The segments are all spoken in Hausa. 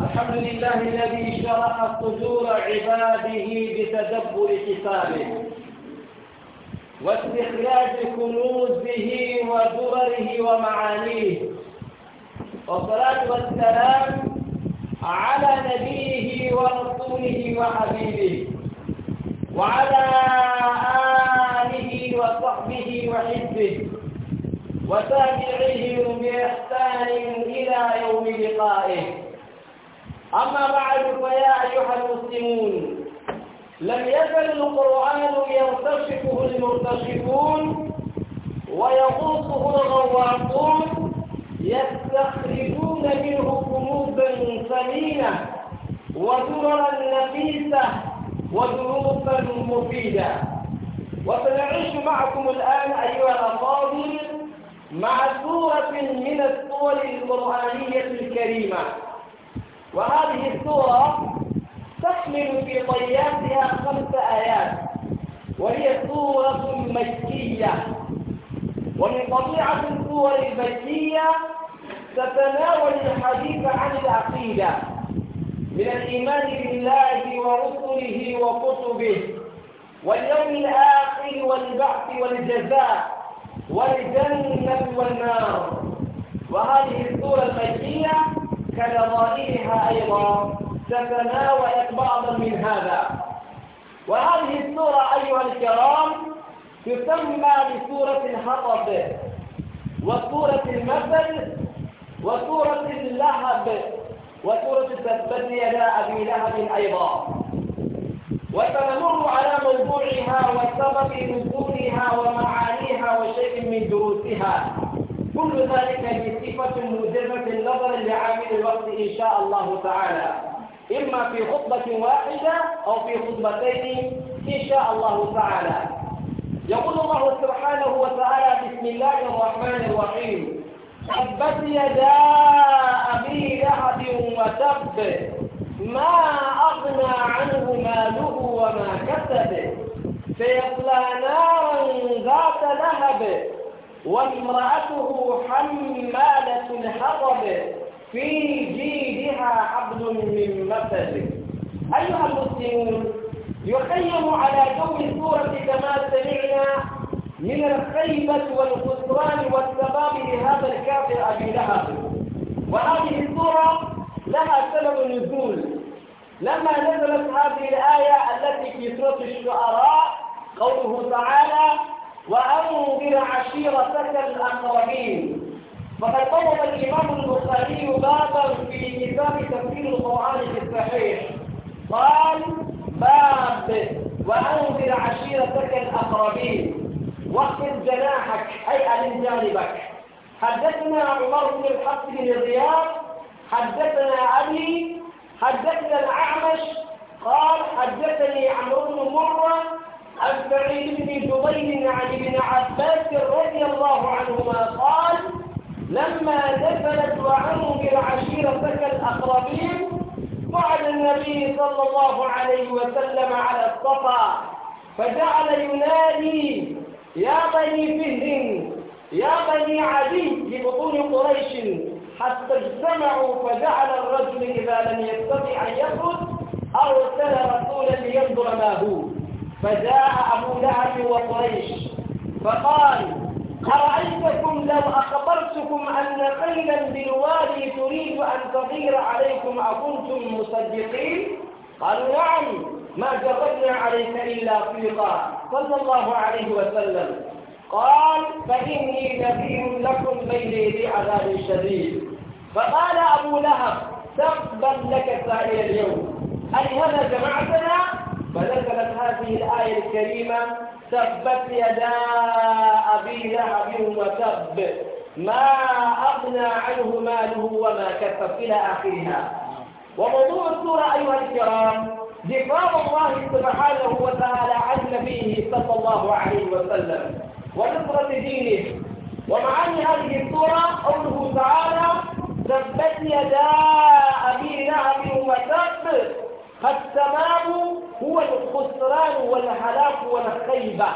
الحمد لله الذي شرح صدور عباده بتدبر كتابه واستخراج كنوزه ودرره ومعانيه والصلاة والسلام على نبيه ورسوله وحبيبه وعلى آله وصحبه وحزبه وتابعيهم بإحسان إلى يوم لقائه أما بعد فيا أيها المسلمون لم يزل القرآن يرتشفه المرتشفون ويغوصه الغواصون يستخرجون منه كنوزا ثمينة وزررا نفيسة ودروسا مفيدة وسنعيش معكم الآن أيها الأفاضل مع سورة من السور القرآنية الكريمة وهذه السورة تحمل في طياتها خمس آيات وهي سورة مكية ومن طبيعة السور المكية تتناول الحديث عن العقيدة من الإيمان بالله ورسله وكتبه واليوم الآخر والبعث والجزاء والجنة والنار وهذه السورة المكية كنظائرها أيضا تتناولت بعضا من هذا وهذه السورة أيها الكرام تسمى بسورة الحطب وسورة المثل وسورة اللهب وسورة تثبت يدا أبي لهب أيضا وسنمر على موضوعها وسبب نزولها ومعانيها وشيء من دروسها كل ذلك بصفة موجبة النظر لعامل الوقت إن شاء الله تعالى إما في خطبة واحدة أو في خطبتين إن شاء الله تعالى يقول الله سبحانه وتعالى بسم الله الرحمن الرحيم تبت يدا أبي لهب وتب ما أغنى عنه ماله وما كسب فيصلى نارا ذات لهب وامرأته حمالة الحطب في جيدها حبل من مسد أيها المسلمون يخيم على جو السورة كما سمعنا من الخيبة والخسران والسباب لهذا الكافر أبي لهب وهذه السورة لها سبب نزول لما نزلت هذه الآية التي في سورة الشعراء قوله تعالى وأنذر عشيرتك الأقربين وقد طلب الإمام البخاري بابا في كتاب تفسير القرآن في الصحيح قال باب وأنذر عشيرتك الأقربين واخفض جناحك أي ألم جانبك حدثنا عمر بن الحق بن الرياض حدثنا علي حدثنا الأعمش قال حدثني عمرو بن سعيد بن جبير عن ابن عباس رضي الله عنهما قال لما نزلت وعنوا بالعشيرة الأقربين بعد النبي صلى الله عليه وسلم على الصفا فجعل ينادي يا بني فهر يا بني عدي في بطون قريش حتى اجتمعوا فجعل الرجل إذا لم يستطع أن يخرج أرسل رسولا لينظر ما هو فجاء أبو لهب وقريش فقال أرأيتكم لو أخبرتكم أن قيلا بالوادي تريد أن تغير عليكم أكنتم مصدقين قالوا نعم ما جربنا عليك إلا فيقا صلى الله عليه وسلم قال فإني نذير لكم بين يدي عذاب شديد فقال أبو لهب تقبل لك سائر اليوم أي هذا جمعتنا فنزلت هذه الآية الكريمة تبت يدا أبي لهب وتب ما أغنى عنه ماله وما كسب إلى آخرها وموضوع السورة أيها الكرام دفاع الله سبحانه وتعالى عن نبيه صلى الله عليه وسلم ونصرة دينه ومعاني هذه السورة قوله تعالى تبت يدا أبي لهب وتب فالتمام هو الخسران والهلاك والخيبة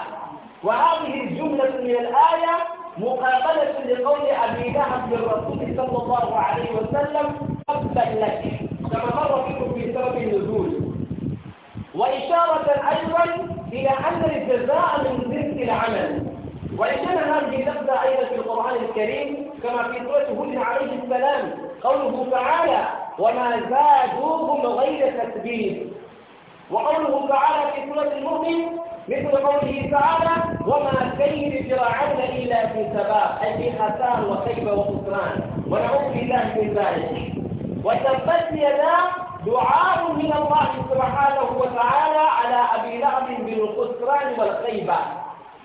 وهذه الجملة من الآية مقابلة لقول أبي لهب للرسول صلى الله عليه وسلم تبا لك كما مر بكم في سبب النزول وإشارة أيضا إلى أن الجزاء من جنس العمل وإنما هذه اللفظة أيضا في القرآن الكريم كما في سورة هود عليه السلام قوله تعالى وما زادوهم غير تثبيت وقوله تعالى في سورة المؤمن مثل قوله تعالى وما كيد جرعون إلا في سباب أي في خسار وخيبة وخسران ونعوذ بالله من ذلك وتبت يدا دعاء من الله سبحانه وتعالى على أبي لهب بالخسران والخيبة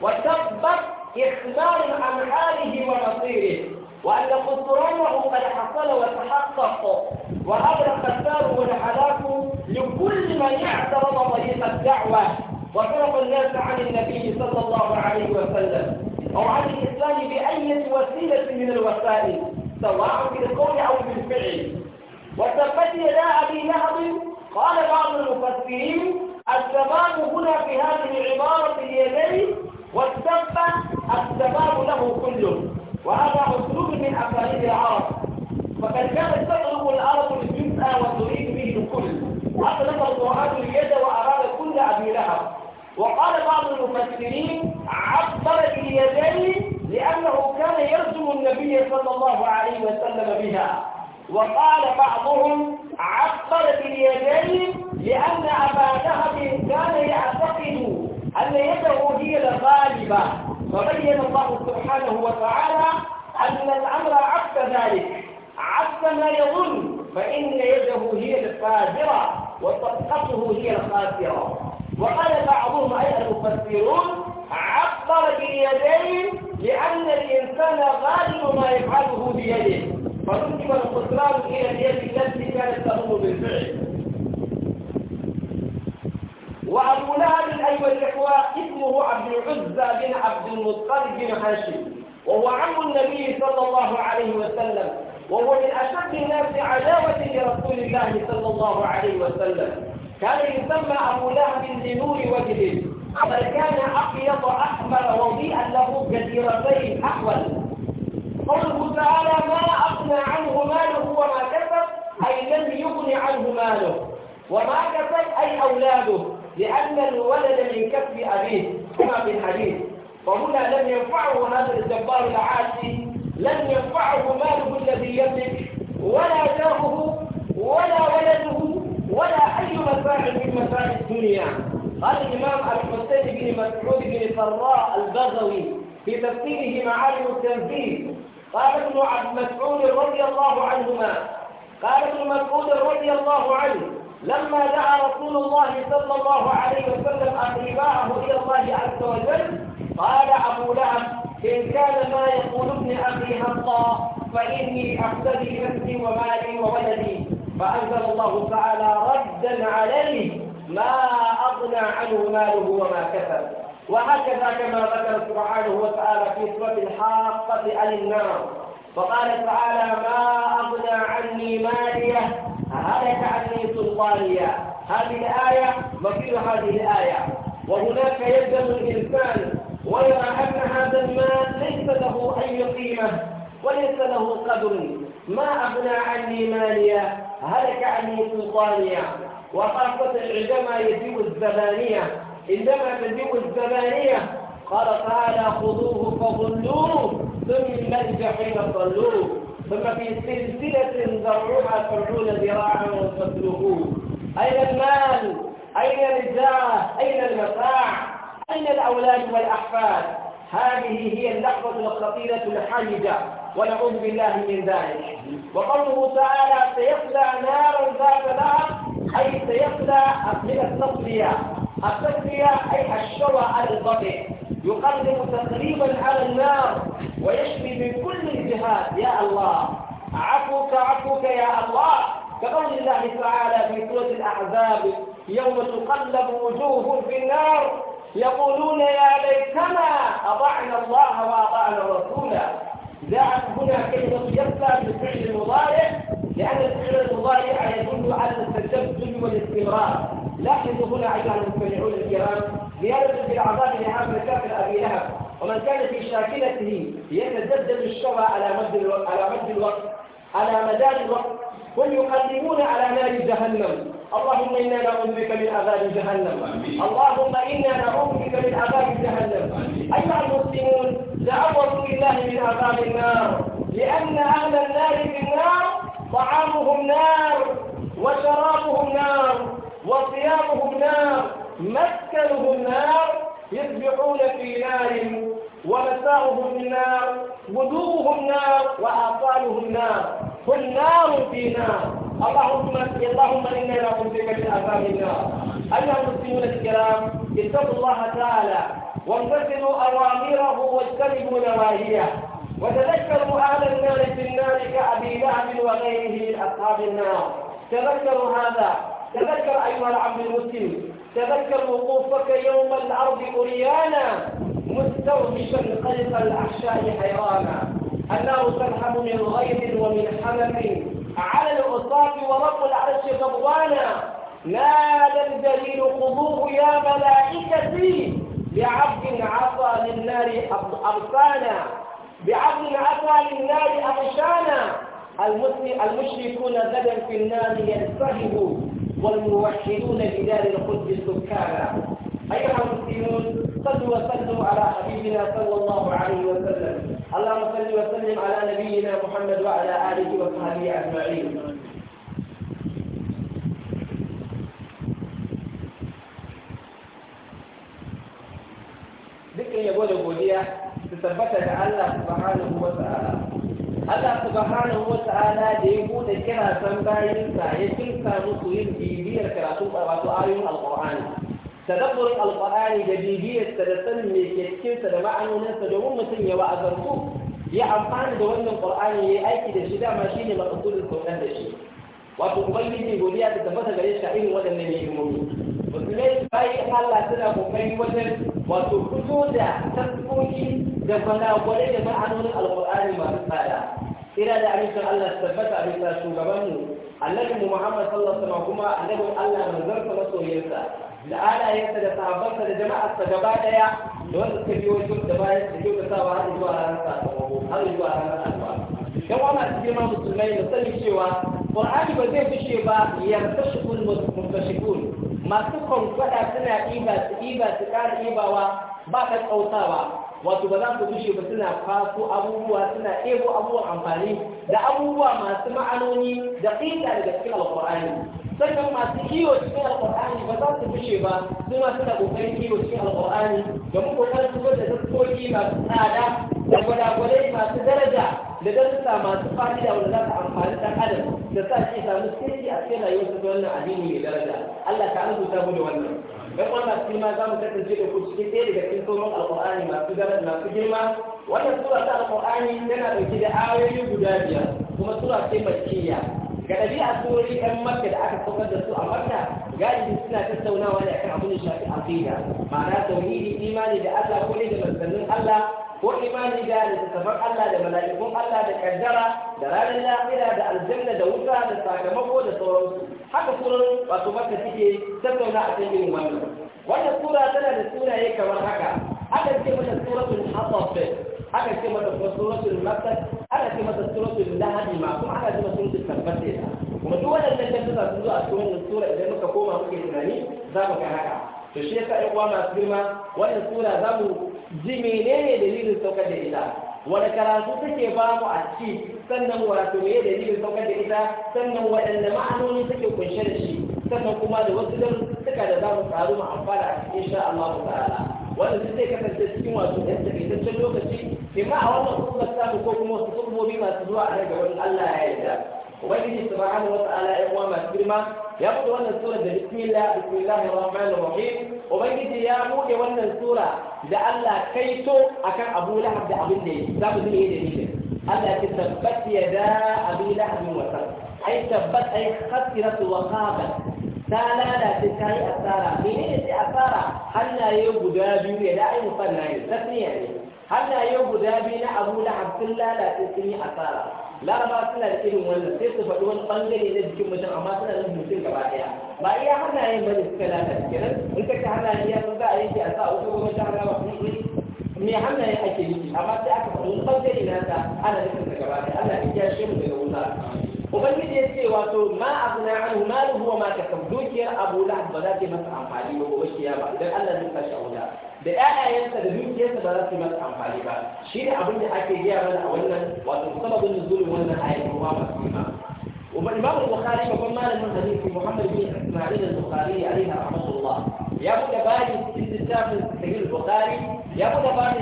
وتبت إخبار عن حاله ومصيره وأن خسرانه قد حصل وتحقق وهذا الثار والحلاك لكل من اعترض طريق الدعوة وصرف الناس عن النبي صلى الله عليه وسلم أو عن الإسلام بأي وسيلة من الوسائل سواء بالقول أو بالفعل وتبت يدا أبي لهب قال بعض المفسرين الشباب هنا في هذه العبارة اليدين والسبب السباب له كله وهذا أسلوب من أساليب العرب فقد كانت تطلب العرب الجزء وتريد به الكل أطلق القرآن اليد وأراد كل أبي لهب وقال بعض المفسرين عبر باليدين لأنه كان يرسم النبي صلى الله عليه وسلم بها وقال بعضهم عبر باليدين لأن أبا لهب كان يعتقد أن يده هي الغالبة فبين الله سبحانه وتعالى أن الأمر عكس ذلك عكس ما يظن فإن يده هي القادرة وصفقته هي الخاسرة وقال بعضهم أيها المفسرون عبر باليدين لأن الإنسان غالب ما يفعله بيده فنسب الخسران إلى اليد التي كانت تقوم بالفعل وأبو لهب أيها الإخوة اسمه عبد العزى بن عبد المطلب بن هاشم وهو عم النبي صلى الله عليه وسلم وهو من أشد الناس عداوة لرسول الله صلى الله عليه وسلم كان يسمى أبو لهب لنور وجهه بل كان أبيض أحمر وضيئا له جزيرتين أحول قوله تعالى ما أغنى عنه ماله وما كسب أي لم يغن عنه ماله وما كسب أي أولاده لأن الولد من كف أبيه كما في الحديث وهنا لم ينفعه هذا الجبار العاشي لم ينفعه ماله الذي يملك ولا داره ولا ولده ولا أي مفاعل من مفاعل الدنيا قال الإمام الحسين بن مسعود بن فراء البغوي في تفسيره معالم التنفيذ قال ابن عبد مسعود رضي الله عنهما قال ابن مسعود رضي الله عنه لما دعا رسول الله صلى الله عليه وسلم أقرباءه إلى الله عز وجل قال أبو لهب إن كان ما يقول ابن أخي حقا فإني أقتدي نفسي ومالي وولدي فأنزل الله تعالى ردا عليه ما أغنى عنه ماله وما كسب وهكذا كما ذكر سبحانه وتعالى في سورة الحاقة عن النار فقال تعالى ما أغنى عني ماليه هلك عني سلطانيا هذه الآية مثل هذه الآية وهناك يلزم الإنسان ويرى أن هذا المال ليس له أي قيمة وليس له قدر ما أغنى عني ماليا هلك عني سلطانيا وخاصة عندما يجيء الزبانية عندما تجيء الزبانية قال تعالى خذوه فغلوه ثم الجحيم صلوه ثم في سلسلة ذرعها سبعون ذراعا فاسلكوه أين المال؟ أين الجاه؟ أين المتاع؟ أين الأولاد والأحفاد؟ هذه هي اللحظة الخطيرة الحرجة ونعوذ بالله من ذلك وقوله تعالى سيصلى نارا ذات لهب أي سيصلى من التصفية التصفية أي الشوى على يقدم تقريبا على النار ويشفي من كل الجهات يا الله عفوك عفوك يا الله كقول الله تعالى في سورة الأحزاب يوم تقلب وجوه في النار يقولون يا ليتنا أطعنا الله وأطعنا الرسول جاءت هنا كلمة يبدأ بالفعل المضارع لأن الفعل المضارع يدل على التجدد والاستمرار لاحظوا هنا أيها المستمعون الكرام زيادة في العذاب لهذا الكافر أبي لهب ومن كان في شاكلته يتزلزل الشرى على مد على مد الوقت على مدار الوقت هم يقدمون على نار جهنم اللهم إنا نعوذ بك من عذاب جهنم اللهم إنا نعوذ بك من عذاب جهنم أيها المسلمون تعوذوا بالله من عذاب النار لأن أهل النار في النار طعامهم نار وشرابهم نار وصيامهم نار مسكنهم نار يسبحون في نار ومساؤهم نار غدوهم نار وآصالهم نار كل نار في نار اللهم اللهم انا نعوذ بك من عذاب النار ايها المسلمون الكرام اتقوا الله تعالى وامتثلوا اوامره واجتنبوا نواهيه وتذكروا اهل النار في النار كابي لهب وغيره من اصحاب النار تذكروا هذا تذكر أيها العبد المسلم تذكر وقوفك يوم الأرض أريانا مستوحشا قلب الأحشاء حيرانا النار تلحم من غيظ ومن حمم على العصاة ورب العرش غضبانا نادى الدليل خذوه يا ملائكتي بعبد عصى للنار أبطانا بعبد عصى للنار أغشانا المشركون غدا في النار ينسهبوا والموحدون بدار القدس سكانا أيها المسلمون صلوا وسلموا على حبيبنا صلى الله عليه وسلم اللهم صل وسلم على نبينا محمد وعلى آله وصحبه أجمعين ذكر يقول ابو بوديا تثبت على الله سبحانه وتعالى Allah subhanahu wa ta'ala da ya bude kira san sa ya kinsa musu yin bibiyar karatu wato ayoyin alqur'ani tadabburin alqur'ani da bibiyar sa da sanin me ke sa da ma'anonin sa domin mutum ya wa'azarku ya amfana da wannan qur'ani yayi aiki da shi dama shine maqsudul qur'an da shi wato ubangiji godiya da tabbata gare shi a irin waɗannan hikimomi musulmai bayan Allah suna kokari wajen wato fito da tasboki da fana-kwanai da ma'anonin alƙur'ani masu tsada ina da amincin Allah tabbata a bisa shugaban shugabanmu annabi Muhammad sallallahu alaihi kuma annabin Allah manzarsa masoyinsa da alayensa da sahabbansa da jama'arsa gaba daya da wanda suka biyo duk da bayan su ke kasawa har zuwa ranar sakamako har zuwa ranar alwa dan wannan cikin ma musulmai da sani cewa Qur'ani ba zai fice ba yartashikul mutashikul masu kwankwada suna iba su iba su ƙara ibawa ba ka kautawa wato ba za ku gushe ba suna faso abubuwa suna ɗebo abubuwan amfani da abubuwa masu ma'anoni da ƙinta daga cikin alƙur'ani sannan masu kiwo cikin alƙur'ani ba za su gushe ba suna suna ƙoƙarin kiwo cikin alƙur'ani da mu ƙoƙarin zubar da zaskoki masu tsada da gwada-gwadai masu daraja da darussa masu fa'ida wanda za su amfani ɗan adam da sa shi samu sirri a cikin rayuwarsa da wannan addini mai daraja Allah ta rubuta mu da wannan yan wannan shi za mu kasance da ku cikin ɗaya daga cikin sauran alƙur'ani masu garar masu girma wannan sura ta alƙur'ani tana ɗauke da ayoyi guda biyar kuma sura ce makiyya ga ɗabi'a surori ɗan makka da aka saukar da su a makka galibi suna tattaunawa ne akan abin da shafi aqida ma'ana tauhidi imani da Allah ko ne da manzannin Allah ko imani da littattafan Allah da mala'ikun Allah da kaddara da ranar lahira da aljanna da wuta da sakamako da sauransu haka surorin wato makka suke tattauna a kan irin wannan wannan sura tana da sunaye kamar haka akan ce mata suratul hasaf akan ce mata suratul masad ana ce masa suratul lahadi ma kuma ana ce masa suratul tabbata kuma duk waɗannan tabbata sun zo a cikin wannan sura idan muka koma muke tunani za mu ga haka to shi yasa ƴan uwa masu girma wannan sura za mu ji menene dalilin saukar da ita wani karatu take ba mu a ci sannan wato me dalilin saukar da ita sannan waɗanne ma'anoni take kunshe da shi sannan kuma da wasu darussuka da za mu karu mu amfana a cikin sha Allah ta'ala wanda zai kasance cikin wato ɗan takaitaccen lokaci imma a wannan hukumar samu ko kuma wasu hukumomi masu zuwa a daga wani Allah ya yarda ubangiji subhanahu wata'ala ya uwa masu girma ya buɗe wannan sura da bismillah bismillahir rahmanir rahim ubangiji ya buɗe wannan sura da Allah kaito akan Abu Lahab da abin da yake za mu zuwa yadda yake Allah ya tabbat yada Abu Lahab wa ai tabbat ai khasirat wa qabat ta lalace ta yi asara menene sai asara hannaye guda biyu ya da ai musanna ne tasniya ne hannaye guda biyu na abu lahab sun lalace sun yi asara laraba suna da irin wannan sai su faɗi wani ɓangare na jikin mutum amma suna da mutum gaba ɗaya ba iya hannayen ba ne suka lalace kenan in ka ci hannayen ya za a yanke a sa uku kuma ta hannawa me hannayen ake nufi amma sai aka faɗi wani ɓangare na ta ana nufin gaba ɗaya ana iya shi mu daga wuta ubangiji ya ce wato ma abuna anhu maluhu wa ma kasab dukiyar abu lahab ba za ta yi masa amfani ba gobe kiyama idan Allah zai tashi a wuta da ƴaƴayensa da dukiyarsa ba za su yi masa amfani ba shi ne abin da ake gaya mana a wannan wato sababin nuzulin wannan ayat kuma ba su ma ومن الإمام البخاري ومن مالك من حديث محمد بن إسماعيل البخاري عليه رحمة الله يا يابد بعد كتاب صحيح البخاري يابد بعد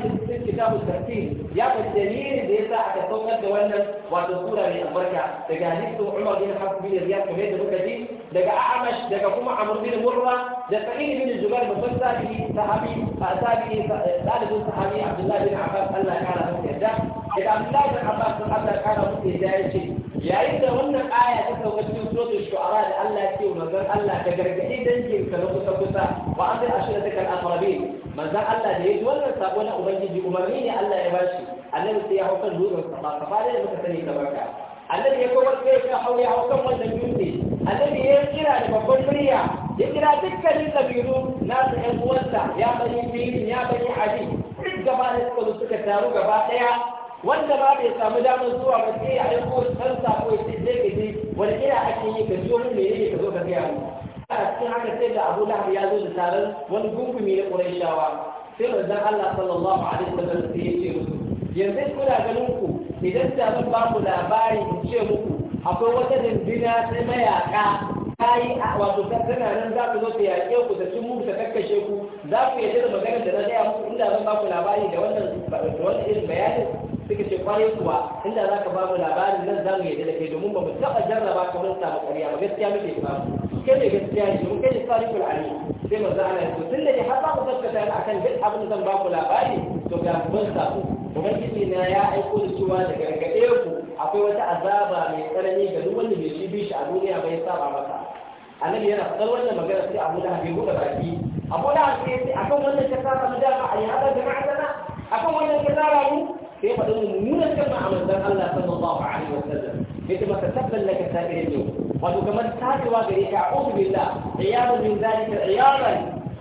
كتاب الترتيب يابد دليل ليس حتى تقول لك وانا وتقول لي البركة تجاهدت عمر بن الخطاب بن الرياض في هذه البركة دي دقا اعمش دقا قوم عمرو بن مرة دقا فقيه بن الزبير بن صلى الله عليه صحابي فاسابي ثالث صحابي عبد الله بن عباس الله كان مسجد ده إذا عبد الله بن عباس الله كان مسجد yayin da wannan aya ta kawo cikin suratul shu'ara da Allah ya ce manzon Allah da gargaɗi dangin ka na kusa kusa wa an bi ashiratika al-aqrabin manzon Allah da ya yaji wannan sako na ubangiji umarni ne Allah ya bashi annabi sai ya hau kan dutsen safa safa da muka sani da ka. annabi ya kuma sai ya hau ya hau kan wannan dutse annabi ya kira da babban murya ya kira dukkanin kabilu nasu ƴan uwansa ya bani filin ya bani hadi duk gaba da suka suka taru gaba ɗaya wanda ba bai samu damar zuwa ba sai ya aiko san sako ya ce ka ji wani ina ake yi ka biyo mun menene ka zo ka gaya mu a cikin haka sai da Abu Lahab ya zo da taron wani gungumi na Qurayshawa sai manzon Allah sallallahu alaihi wasallam sai ya ce musu yanzu kuna ganin ku idan da zan ba ku labari in ce muku akwai wata dindina ta mayaka ta yi wato tana nan za ku zo ta yaƙe ku ta cin muku ta kakkashe ku za ku yarda da maganar da na gaya muku inda zan ba ku labari da wannan da wannan irin bayanin suka ce kuwa inda za ka bamu labarin nan za mu yadda da kai domin ba mu taɓa jarraba kamar samu ƙarya ba gaskiya muke ba ke ne gaskiya ne domin kai ne sarifin ali sai manzo a yi tun da ne har ba ku tabbata a kan duk abin da zan ba ku labari to ga ban sako ubangiji na ya aiko da cewa da gargaɗe ku akwai wata azaba mai tsanani ga duk wanda bai shi shi a duniya bai saba masa annabi yana faɗar wannan magana sai abu da habibu da baki abu da a akan wannan ta kasa mu dama a yi haɗa da akan wannan ta zara mu sai faɗi mummunan kalma a manzon Allah sallallahu alaihi wa sallam yace maka tabban laka sa'irin yau wato kamar tabewa gare ka a'udhu billah iyadan min zalika iyadan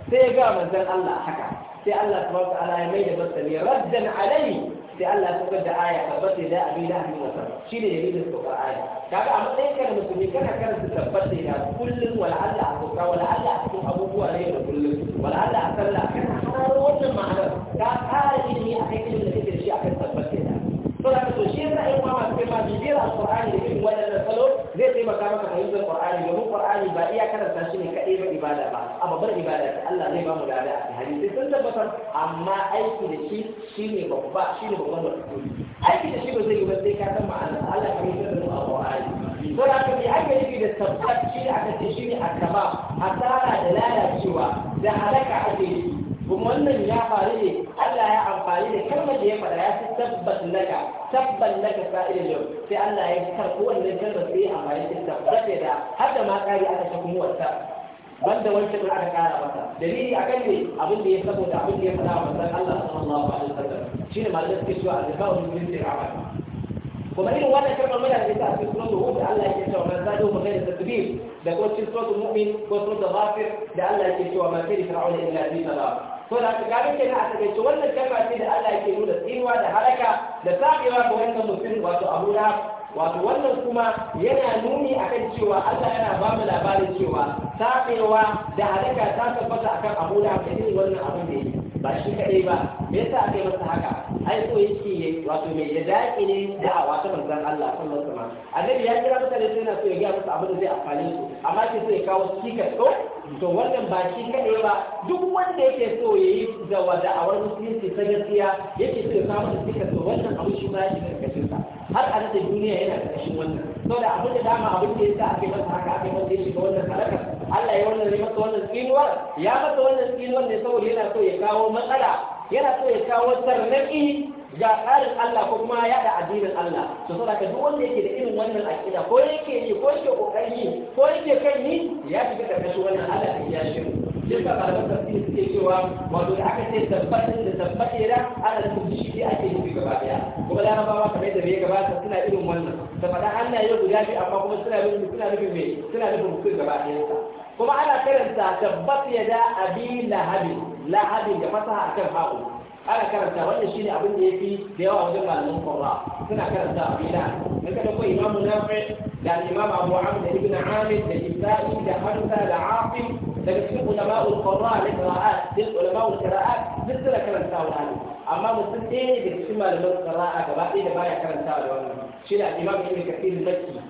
sai ga manzon Allah haka sai Allah subhanahu wa ta'ala ya mai da masali raddan alai sai Allah ya saukar da aya tabbata da abin da abin wasa shi ne dalilin saukar aya kaga a matsayin ka da musulmi kana karanta tabbata da kullun wala Allah a sauka wala Allah a cikin abubuwa ne da kullun wala Allah a sallah kana haro wannan ma'anar ka kare ilimi a kai ilimin da kake da shi akan tabbata to da to shi yasa in ma masu ma bibiyar alqur'ani da irin wannan salo zai taimaka maka fahimtar qur'ani domin qur'ani ba iya karanta shi ne kadai ba ibada ba a babbar ibada ta Allah zai ba mu lada a hadisi sun tabbatar amma aiki da shi shine babba shine babban mutum aiki da shi ba zai yi ba sai ka san ma'ana Allah ka yi da alqur'ani don haka mai ake nufi da tabbat shi aka ce shi ne akaba asara da lalacewa da halaka ake yi kuma wannan ya faru ne kalmar da ya faɗa ya fi tabbat laka tabbat laka sa'ilin yau sai Allah ya fitar ko wannan kalmar sai a bayan da tabbata da har da ma kari aka ta kuma wata banda wancan da aka kara masa dalili a kan ne abin da ya saboda abin da ya faɗa wa manzon Allah sallallahu alaihi wasallam shine malamin suke cewa al-ba'u min sir'a kuma irin wannan kalmar muna da ita a cikin suratul da Allah yake cewa man zadu bi ghairi tadbir da kuma cikin suratul mu'min ko suratul ghafir da Allah yake cewa man kayfa fir'auna illa bi salam to da ga ke na a takaice wannan kalma ce da Allah yake nuna tsinuwa da halaka da sabewa ga wannan mutum wato Abu Lahab wato wannan kuma yana nuni akan cewa Allah yana ba mu labarin cewa sabewa da halaka ta tabbata akan Abu Lahab da irin wannan abin da yake ba shi kaɗai ba me yasa aka yi masa haka ai so yake wato mai ya daƙi ne da ta manzan Allah sallallahu alaihi wasallam annabi ya kira mutane sai yana so ya ga musu abin da zai amfane su amma ke so ya kawo cikas so to wannan ba shi kaɗai ba duk wanda yake so ya yi da a wani musulunci ta gaskiya yake so ya kawo musu cikas so wannan abu shi ma ya shiga karkashin har a da duniya yana karkashin wannan saboda abin da dama abin da yasa aka masa haka aka yi masa ya ga wannan halakar Allah ya wannan ne masa wannan tsinuwar ya masa wannan tsinuwar ne saboda yana so ya kawo matsala yana so ya kawo tarnaki ga tsarin Allah ko kuma ya da addinin Allah to saboda duk wanda yake da irin wannan akida ko yake yi ko yake kokarin yi ko yake kai yi ya shiga karkashin wannan Allah da ya shi duk da malaman tafsiri suke cewa wato da aka ce tabbatin da tabbace da ana da kuma shi ake nufi gaba daya kuma larabawa kamar yadda ya gabata suna irin wannan da faɗa hannaye guda biyu amma kuma suna nufin suna nufin me suna nufin mutum gaba daya kuma ana karanta tabbat ya da abi lahabi lahabi da fasaha akan haƙo ana karanta wannan shine abin da yafi da yawa wajen malaman qurra suna karanta abi lahabi na kada ko imam nafi da imam abu amr da ibn amir da isa'i da hamza da aqil da cikin ulama'ul qurra da qira'at da ulama'ul qira'at duk suna karanta wannan amma mutum ɗaya ne da cikin malaman qira'at gaba ɗaya da baya karanta da wannan shi da imam ibn kathir al-makki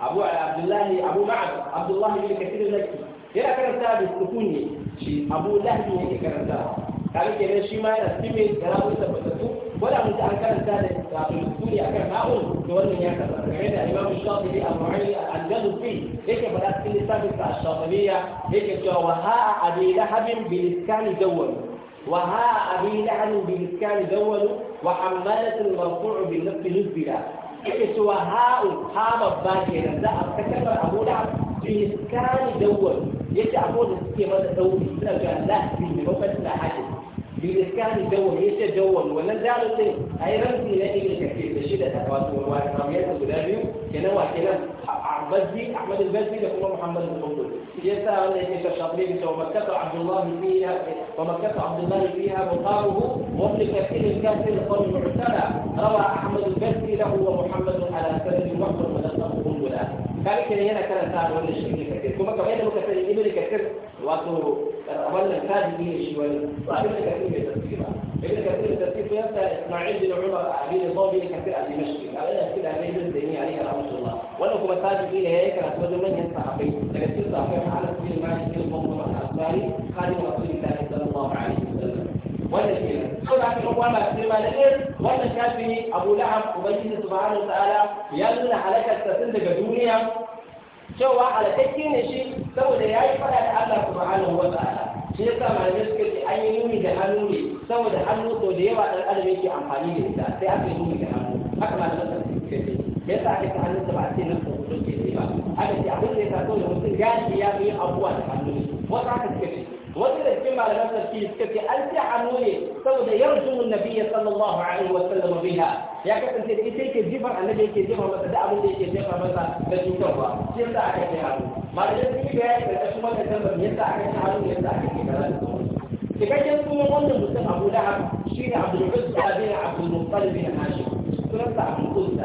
أبو عبد الله أبو معد عبد الله بن كثير النجدي يلا كرتا بسكوني شي أبو لهب بن كرتا قال لك يا شيما لا تيمي ترى بس بتسو ولا من تعال كان ثاني بسكوني أكر معهم دول من يكر كمان الإمام الشاطبي أبو علي أنجز فيه هيك بدأت كل ثابت الشاطبية هيك جوا وها أبي لهب بالإسكان دول وها أبي لهب بالإسكان دول وحمالة المرفوع بالنفس نزبلا ake cewa ha'u ha babba ke nan za a kasabar abu da bai kare dawwal yadda abu da suke mata dauri suna ga lafi da mafarki da hajji بالإسكان الدول ليش الدول ولا الدولة أي رمزي لأي تكفير بشدة والرميات الغلابي كنوع كلام عبدي أحمد البزي لكم محمد القنبل يسعى الله يكشف الشاطري ومكة عبد الله فيها ومكة عبد الله فيها مقامه وفي كثير الكافر قول المعتنى روى أحمد البزي له ومحمد على سند وحده ولم تقل ولا ذلك هنا كان تعالى ولا شيء kuma kamar yadda muka sani ibn kasir wato wannan kaji ne shi wani ba ibn kasir mai tafsiri ba ibn kasir da tafsiri ya sa isma'il bin umar a abin da ibn kasir a dimashqi a wannan shi da ne ibn zaini alaihi rahmatullah wannan kuma kaji ne yayi karatu wajen manyan sahabbai daga cikin sahabbai Anas bin Malik bin Muhammad al-Ansari khalifu Rasulullah sallallahu alaihi wasallam wannan shi ne ko da aka kwana cikin malamin wannan kafiri Abu Lahab ubangiji subhanahu wa ta'ala ya nuna halakar sa tun daga duniya cewa halakakke ne shi saboda ya yi faɗa da Allah subhanahu wa wasa shi yasa malamai suka ce an yi nuni da hannu ne saboda hannu so da yawa dan adam yake amfani da ita sai aka yi nuni da hannu haka malamai suke ce ya sa aka ta hannu ba a ce na ko kudu ke ba haka ce abin da ya sa saboda mutum gashi ya yi abuwa da hannu wata haka suke ce wanda da cikin malaman sarki suka ce an ce hannu ne saboda yarjun nabi sallallahu alaihi wa sallam biha ya kasance da ita yake jifar annabi yake jifar masa da abin da yake jifar masa da ba shi yasa aka ce hannu malaman sun yi bayani da kashin wannan tambar yasa aka ce hannu yasa aka ce kaza da sauran cikakken sunan wannan mutum abu lahab shi ne abdul rasul bin bin hashim كنت يعني قلت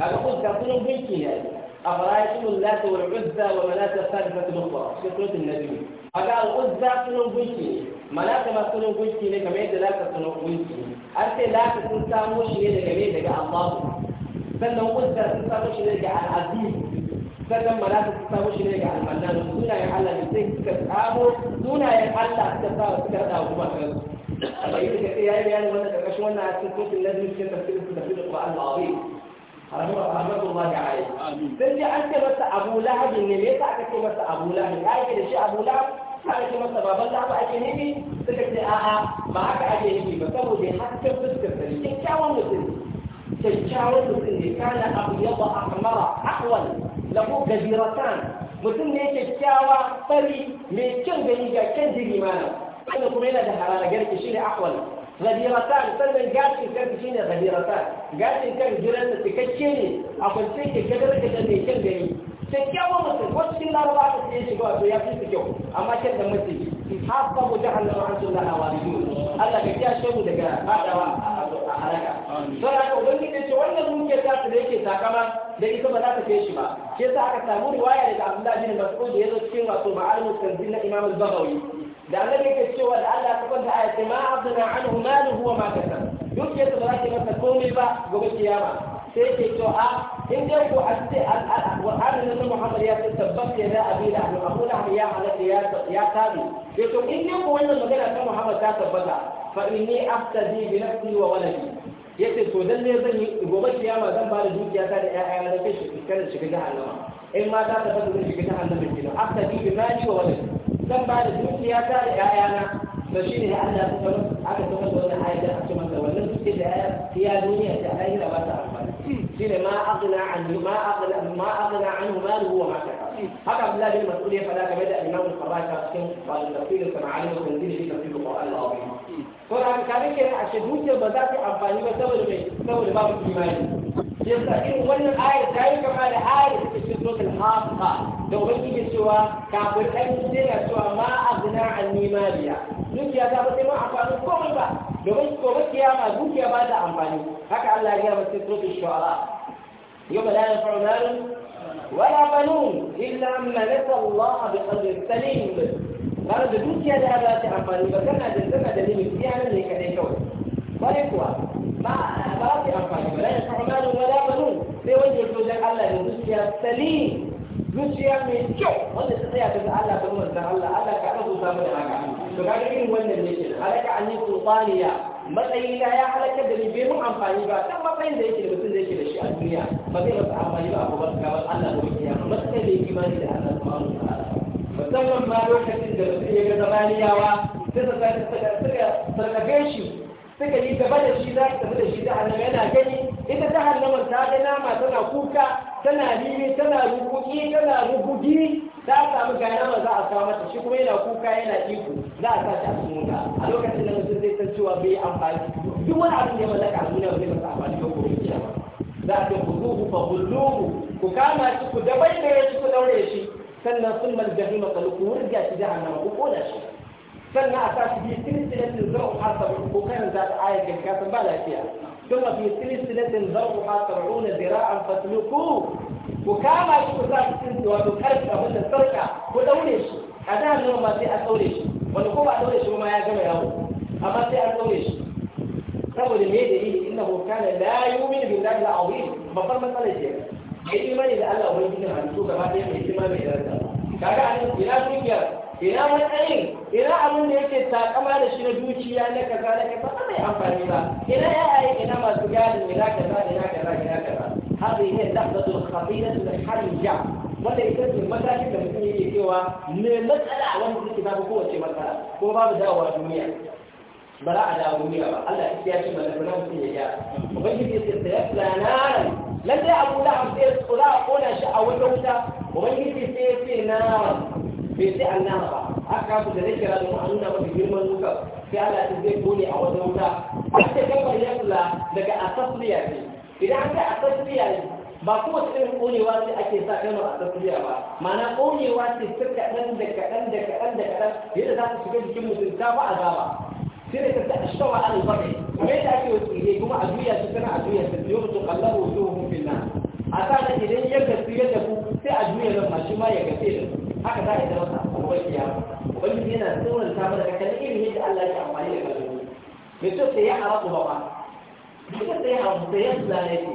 هذا قلت أقول قلت يعني أفرأيتم اللات والعزى ومناة الثالثة الأخرى شكرة النبي فقال أقول كنت قلت مناة ما كنت قلت لك ميت لا كنت قلت أنت لا كنت قلت لك ميت لك الله فلن عزى كنت قلت لك العزيز فلن ملاة كنت قلت لك المنان دون يحلى بسيك كتابه دون يحلى كتابه كتابه كتابه sai an ce masa abu lahabin ne ne ta aka ce masa abu lahabin ya ake da shi a bula? ta ake masa baban lahabin ake nemi suka ce a'a ba aka ake nemi ba saboda ya haskar fuskar sani kyakkyawan mutum kyakkyawan mutum ne kana abu ya ba a kamara akwal lafo gajiratan mutum ne kyakkyawa fari mai kyan gani ga kyan jirimanin sannan kuma yana da harara garki shine ahwal zadiratan sannan gashin kanka shine zadiratan gashin kan jiran da cikakke ne a kwance ke gadar da ta mai kyan gari kyakkyawan mutum ko cikin laraba ka fiye shi wato ya fi su kyau amma kyan da mutum haka mu jahannama an sunna na walidu Allah ka kiyashe mu daga fadawa a halaka sai haka ubangiji ya ce wannan muke ta su da yake sakama da ita ba za ta kai shi ba ke sa aka samu riwaya daga Abdullah bin Mas'ud da yazo cikin wato ma'alimul tanzil na Imam al-Baghawi da Allah yake cewa da Allah ta kwanta a yace ma abdana anhu maluhu wa ma kasab duk yadda ba za ki masa komai ba gobe kiyama sai ke to a in dai ko a ce al'adun na Muhammad ya ce tabbas ya da abi da abu abu da ya halatta ya ya tabi sai to in dai ko wannan magana ta Muhammad ta tabbata fa in inni aftadi bi nafsi wa waladi yace to dan ne zan yi gobe kiyama zan ba da dukiya ta da ƴaƴa na kai shi kada shiga jahannama in ma ta tabbata zan shiga jahannama kenan aftadi bi mali wa waladi zan ba da dukiya ta da ƴaƴana to shi ne Allah ya tsaro aka tsaro da wannan ayat da aka manta wannan dukiya da ya duniya ta lahira ba ta amfani shi ne ma aghna anhu ma aghna ma aghna anhu maluhu wa ma kasab haka Abdullah bin Mas'ud ya fada game da Imam Al-Farraj cikin wannan tafsirin sa ma'alim da tanzil shi tafsirin Qur'an al-Azim to da haka kare ke a shi dukiya ba za ta amfani ba saboda mai saboda babu imani yasa irin wannan ayat ta yi kama da ayat da الصوت الحاقة دوبي في سوا كابر أنزل سوا ما أغنى عني ماليا نجي هذا بسيما أفعل كومبا دوبي كومبا كياما بوكيا بادا أمباني هكا الله يا بسيطرة الشعراء يوم لا ينفع مال ولا بنون إلا من نسى الله بقدر سليم قال دوبي يا ذا بادا أمباني بسنا دلتنا دليم كيانا لكي نشوي فالإخوة ما أفعل أمباني ولا ينفع ولا بنون sai wanda ya wajen Allah da zuciya salim zuciya mai kyau wanda ta tsaya daga Allah don manzan Allah Allah ka ɗago samu da haka to ga irin wannan ne ke halaka an yi sultaniya matsayi na ya halakar da ni bai mun amfani ba kan matsayin da yake da mutum da yake da shi a duniya ba zai masa amfani ba a gobe gaban Allah da wajen ba matsayin da yake mani da Allah ba wa ta'ala musamman ma lokacin da mutum ya ga zamaniyawa sai suka sarkafe shi suka yi gaba da shi za su tafi da shi jahannama yana gani ita jahannama ta ga nama tana kuka tana riri tana rubuki tana rubugi za a samu ga nama za a kawo mata shi kuma yana kuka yana iko za a sa ta a cikin a lokacin da mutum zai san cewa bai amfani duk wani abin da ya mallaka a duniya ba zai masa amfani ba ko rikiya ba za a ce ku zuhu fa kulluhu ku kama shi ku dabai da shi ku daure shi sannan sun mal jahima ku wurga shi jahannama ku koda shi كان أساس في سلسلة الزرق حتى وكان ذات آية كانت بلا فيها ثم في سلسلة الزرق حتى رعون ذراعا فتلكوه وكما يكون ذات وتكرك أهل السرقة ودوليش هذا هو ما في أسوليش ونقوم أدوليش وما يجمع أهو أما في أسوليش سبب الميدة إيه إنه كان لا يؤمن بالله العظيم بطل مثلا جيدا إيه ما يدأل أهو يجب أن تشوف ما في إيه ما يجب أن تشوف كما يجب أن تشوف ina matsayin ina abin da yake takama da shi na dukiya na kaza na kaza ba mai amfani ba ina yayaye ina masu gadin ina kaza ina kaza ina kaza hadhihi hiya al-lahzatu al-khatiratu al-harija wanda ita ce mataki da mutum yake cewa ne matsala wanda take ba kowace matsala ko babu dawowa duniya ba za a dawo duniya ba Allah ya ce ba da mutum ya gyara ubangiji ya ce sayasla naran lallai abu lahab sai tsura a kona shi a wata wuta ubangiji sai ya ce naran bai sai an nama ba aka su da rikira da an nuna mafi girman nuka sai ala ta zai gode a wajen wuta a ce gabar yasla daga asasliya ne idan an kai asasliya ne ba kuma ta irin konewa sai ake sa kalmar asasliya ba ma'ana konewa ce su kaɗan da kaɗan da kaɗan da kaɗan yadda za su shiga jikin mutum ta ba a sai da ta ashtawa al ne, kuma yadda ake wasu ne kuma a duniya su kana a duniya su yau mutum Allah wa wujuhum fil nar a sa idan ya gasu ya tafi sai a juya zan mashi ma ya gafe da haka za a yi zama sa kuma ya ubangiji yana sauran ta mana kakan irin yadda Allah ya amfani da kalmomi me so sai ya arabu ba ba me so sai ya arabu sai ya zulana yake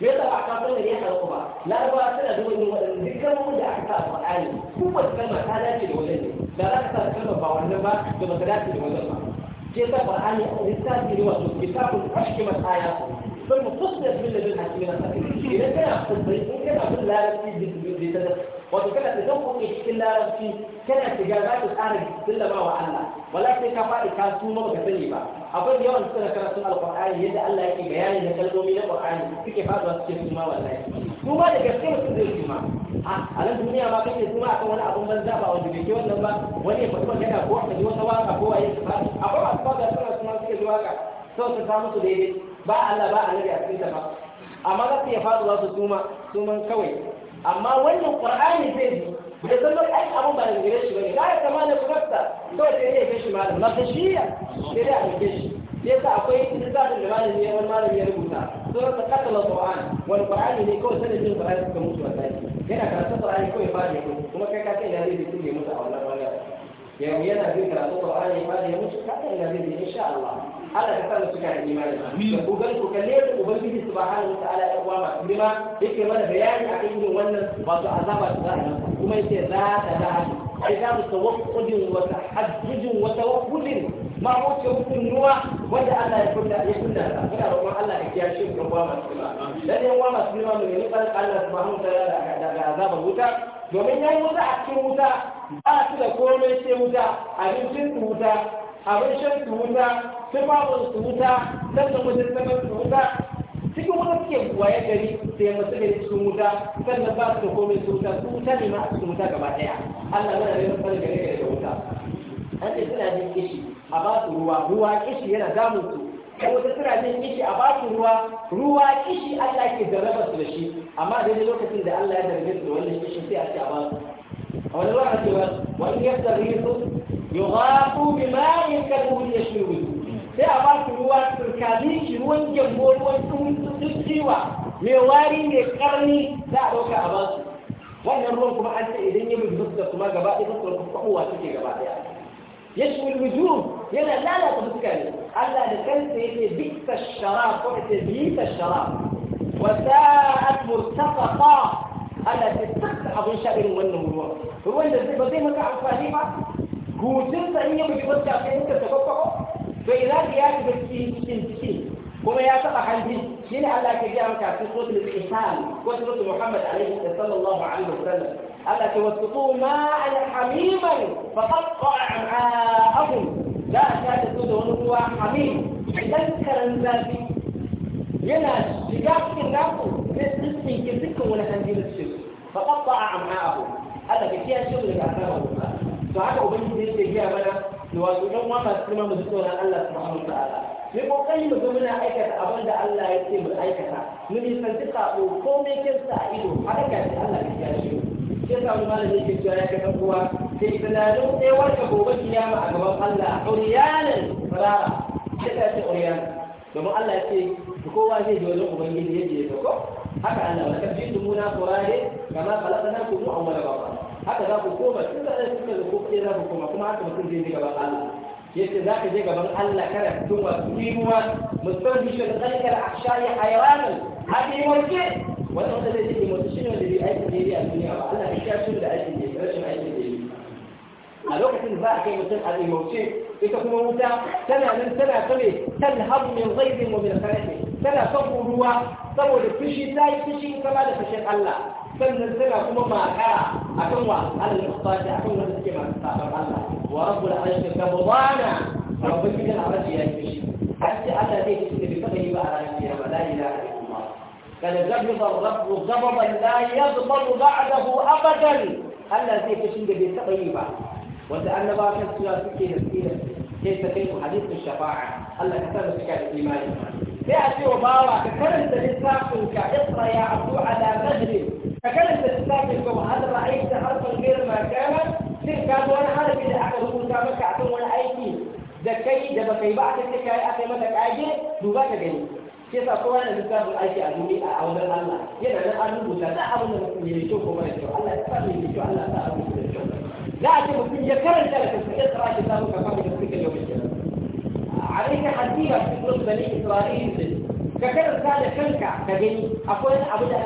me yasa ba ka san da ya arabu ba laraba tana da wani wadannan duk kalmomin da aka sa a Qur'ani kuma kalma ta dace da wannan ne da za ka sa kalma ba wannan ba da ba ta dace da wannan ba ke sa Qur'ani a lissafi ne wato kitabul ashkimat ayatu ثم تصبح من لدن حكيمنا إذا كان إن كان أقول لا نفسي بتدفق وتكلم تدفق إلا نفسي كان تجارات الأهل إلا ما وعلا ولكن كفاء كان سوما بكتني با أقول يوم سنة كرسول القرآن يدى الله يكي بياني لكلمه من القرآن في كفاء رسول سوما والله سوما لكسير سوما سوما a nan duniya ma kake kuma akan wani abun banza ba wanda bai ke wannan ba wani ya faɗi magana ko a ji wata waka ko a yi ba a ba su faɗa suna suna suke zuwa ga sau su samu su daidai ba Allah ba annabi a cikin ta ba amma za su iya faduwa su suma suman kawai amma wannan qur'ani zai ji da zama ai abun ba da gare shi bane ya kama ku kurasta to sai ne ya shi malam mafashiya sai dai a rike shi yasa akwai littafin da ne wani malami ya rubuta ka kasa la qur'an wani qur'ani ne kawai sanin jin qur'ani suka mutu wallahi yana karatu qur'ani kawai ba ne kuma kai ka ce ina zai bi mutu a wannan wannan yau yana bin karatu qur'ani ba da ya mutu ka ce ina zai insha Allah Allah ya sa su kana imani da kokarin ku kalle da ubangiji subhanahu wataala ya uwa masu kuma yake mana bayani akan yin wannan wato azaba da za kuma yake za ta da ai za mu tawakkudin wa tahajjudin wa tawakkulin ma wuce kunnuwa wanda Allah ya kunna ya kunna ta muna roƙon Allah ya kiyaye shi uwa masu kuma dan yan uwa ma kuma mu ne kan Allah subhanahu wataala daga azabar wuta domin yayi wuta a cikin wuta ba su da komai sai wuta abincin wuta abin shan su wuta tufafin su wuta sannan wajen zaman su wuta cikin wani suke waye gari sai masu gari su wuta sannan ba su da komai su wuta su wuta ne ma su wuta gaba ɗaya. Allah zai rayuwar fara gare gare da wuta an ce suna jin kishi a ba su ruwa ruwa kishi yana damun su kai wata suna jin kishi a ba su ruwa ruwa kishi Allah ke jarraba su da shi amma daidai lokacin da Allah ya jarrabe su da wannan kishi sai a ce a ba su a wani lokaci wani yadda rizu yughafu bima yakadu min yashuru sai a ba su ruwa turkani shi ruwan gyambo ruwan tsuntsuwa mai wari mai karni za a dauka a ba su wannan ruwan kuma an ce idan ya bugi fuskar kuma gaba ɗaya fuskar kwaɓowa suke gaba ɗaya yashmul wujuh yana lalata fuska ne Allah da kansa yake bikta sharab ko ita bikta sharab wa sa'at murtafaqa Allah ta tsaka abin sha irin wannan ruwan ruwan da ba zai maka amfani ba gushinsa in ya bugi fuska sai fuska ta kwakwako bai za ka yaki da cikin cikin kuma ya taɓa hanji shi ne Allah ke gaya maka cikin sotul ihsan ko sotul Muhammad alaihi sallallahu alaihi wasallam Allah ke wasutu ma'an hamiman fa qaqqa am'a'ahum za a sha da su da wani ruwa hamim idan karan zafi yana shiga cikin gafu sai tsinkin dukkan wani hanji da cikin fa qaqqa am'a'ahum Allah ke kiyaye shi daga asarar to haka ubangiji yake gaya mana da wato ɗan wata kuma mu tsoron Allah subhanahu wa ta'ala sai kokari mu ga muna aikata abin da Allah ya ce mu aikata mun yi santi ko komai kinsa a ido haraka da Allah ya kiyaye shi sai sa malamin ke cewa ya ga kowa sai tunanin sai wanda gobe kiyama a gaban Allah a uriyanan farara sai ta ce uriyanan domin Allah ya ce kowa zai ji wajen ubangiji yadda ya ko haka Allah wa tabbitu muna qurani kama khalaqnakum wani marra haka za ku koma tun da ɗaya suka zuko kuɗi za ku koma kuma haka mutum zai je gaban Allah yace za ka je gaban Allah kana cikin wasu rimuwa musamman shi da tsalikar ashari hayawani haka yi wanke wannan da zai je mutum shi ne wanda bai aikin da ya a duniya ba Allah ya shafi da aikin da ya rashin aikin da ya a lokacin da za a kai mutum a imauce ita kuma wuta tana nan tana kame talhabu min ghaibin wa min kharafi tana son ruwa saboda fushi ta yi fushi kama da fushin Allah sannan tana kuma makara akan wa Allah ya fata akan wanda suke masu sabon Allah wa rabbul arshi kabana rabbul gidan arshi ya yi shi hatta Allah zai ci da bika yi ba a ranar kiyama la ilaha illallah kada zabba rabbu zabba la yadhbu ba'dahu abadan Allah zai ci da bai taba yi ba wanda annaba kan suna suke da tsira sai ta kai ku hadithu shafa'a Allah ka tsara suka da imani sai a ce wa bawa ka karanta littafin ka isra ya abu ala majlis فكانت تتساكن كما هذا رأيت حرفا غير ما كان sai ka zo wani harafi da aka rubuta maka a kan wani aiki da kai da baka yi ba aka ce kai aka yi maka kage duba ka gani ke sa kowa yana lissafin aiki a duniya Allah yana nan an rubuta da abin da mutum yayi kyau ko mara kyau Allah ya sa mai kyau Allah ya sa abin da kyau za a ce mutum ya karanta da kansa ya tsara ki samu ka ka karanta da kanka ka gani akwai abu da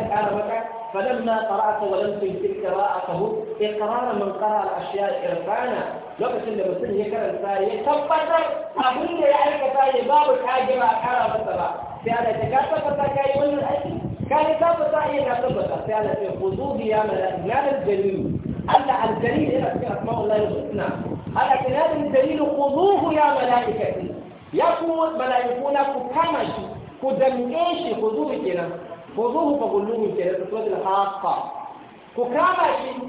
فلما قرأت ولم تنسل قراءته إقرار من قرأ الأشياء إرفانا لو كنت لما تنسل يكرا الفاري تبطر أبنى يعرف الفاري باب الحاجة مع كارا بطبع في هذا تكاتب فتاك أي من الأشياء كان يتاب الرأي أن أطبطر في هذا في خصوص يا ملأ الجليل أن الجليل إلا في أسماء الله يسكنا هذا كان هذا الجليل خصوص يا ملائكتي يكون ملائكونا كما شيء كدمجيش خصوص بوضوه لهم انت لتطلق الحاقة كما شيء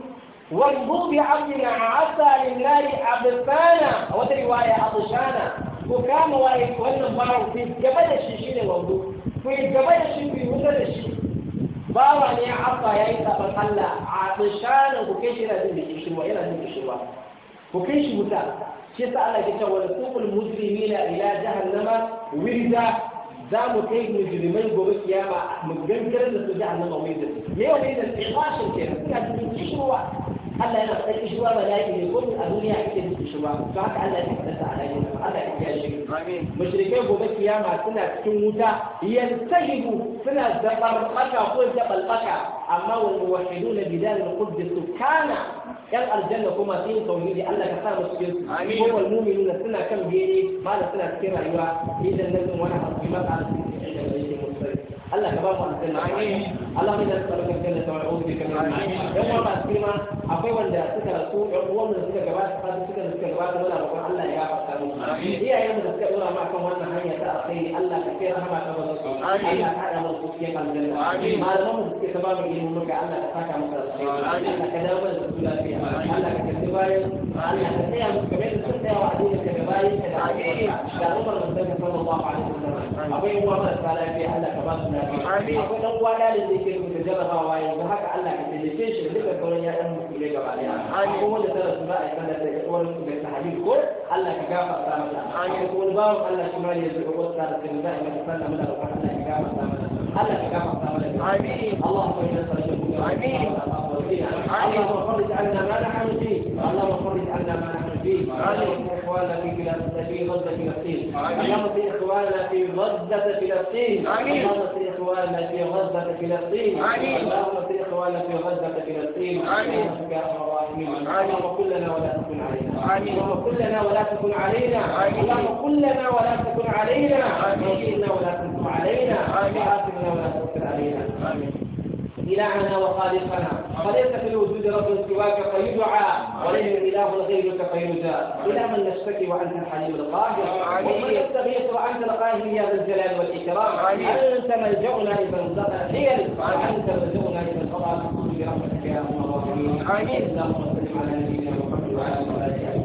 والبوض عمنا عسى لله عبثانا هو ده رواية عطشانا وكما وايك وانا مبارا وفين جبال الشيء شين الوضو فين جبال الشيء في هذا الشيء بابا ني عطا يا إيسا فالحلا عطشانا وكيش لازم يشروا يلا لازم يشروا وكيش متى شيء سألك يتوى لسوق المسلمين إلى جهنم ورزا za mu kai mujrimai gobe kiyama mu gangar da su jahannama mai da yau ne da tsibashin ke suna cikin kishuwa Allah yana faɗa kishuwa ba da yake ko a duniya ake da kishuwa to haka Allah ya faɗa ta alayi Allah ya kiyaye amin mushrikai gobe kiyama suna cikin wuta yantahibu suna zabarbaka ko zabalbaka amma wal muwahhiduna bidal qudus kana yan aljanna kuma sun yi tauhidi Allah ka sa musu cikin su ko wal suna kan daidai ba da suna cikin rayuwa idan nan wani abu ma maka alƙur'ani da yake musulmi Allah ka ba mu aljanna Allah ne da suka baka aljanna ta wa'udu bika min al-ma'in dan wa ba sima akwai wanda suka rasu ɗan uwan da suka gabata ta suka suka gabata muna roƙon Allah ya gafarta mu iyayen mu da suka dora mu akan wannan hanya ta alkhairi Allah ka kai rahama ta bazan su Allah ka hada mu su cikin aljanna malaman mu suke ba mu ilimin muka Allah ka saka mu da alkhairi Allah ka dawo da su lafiya Allah ka kace bayan Allah ka tsaya mu kamar da sun tsaya wa addini ka da bayan ka da alkhairi da umar da sallallahu alaihi wasallam akwai uwa marasa lafiya Allah ka ba su amin ko dan uwa da ne yake rubuta jarabawa yanzu haka Allah ka tallace shi da duka sauran ya'yan musulmai gaba amin ko su a sanar da uwar su da ko Allah ka gafarta amin ko Allah shi ya zuba da Allah ka gafarta Allah ka gafarta amin amin اللهم فرج عنا ما نحن فيه اللهم فرج عنا ما نحن فيه اللهم اخواننا في فلسطين غزه فلسطين اللهم في اخواننا في غزه فلسطين اللهم في اخواننا في غزه فلسطين اللهم في اخواننا في غزه فلسطين يا ارحم الراحمين اللهم كلنا ولا تكن علينا اللهم كلنا ولا تكن علينا اللهم كلنا ولا تكن علينا امين ولا تكن علينا امين ولا تكن علينا إلهنا وخالقنا فليس في الوجود رب سواك فيدعى وليس الاله غيرك فيرجى الى من نشتكي وانت الحليم القاهر ومن يستغيث وانت القاهر يا ذا الجلال والاكرام انت ملجانا اذا انتقى الحيل وانت ملجانا اذا انقضى برحمتك يا ارحم الراحمين امين اللهم صل على نبينا محمد وعلى اله وصحبه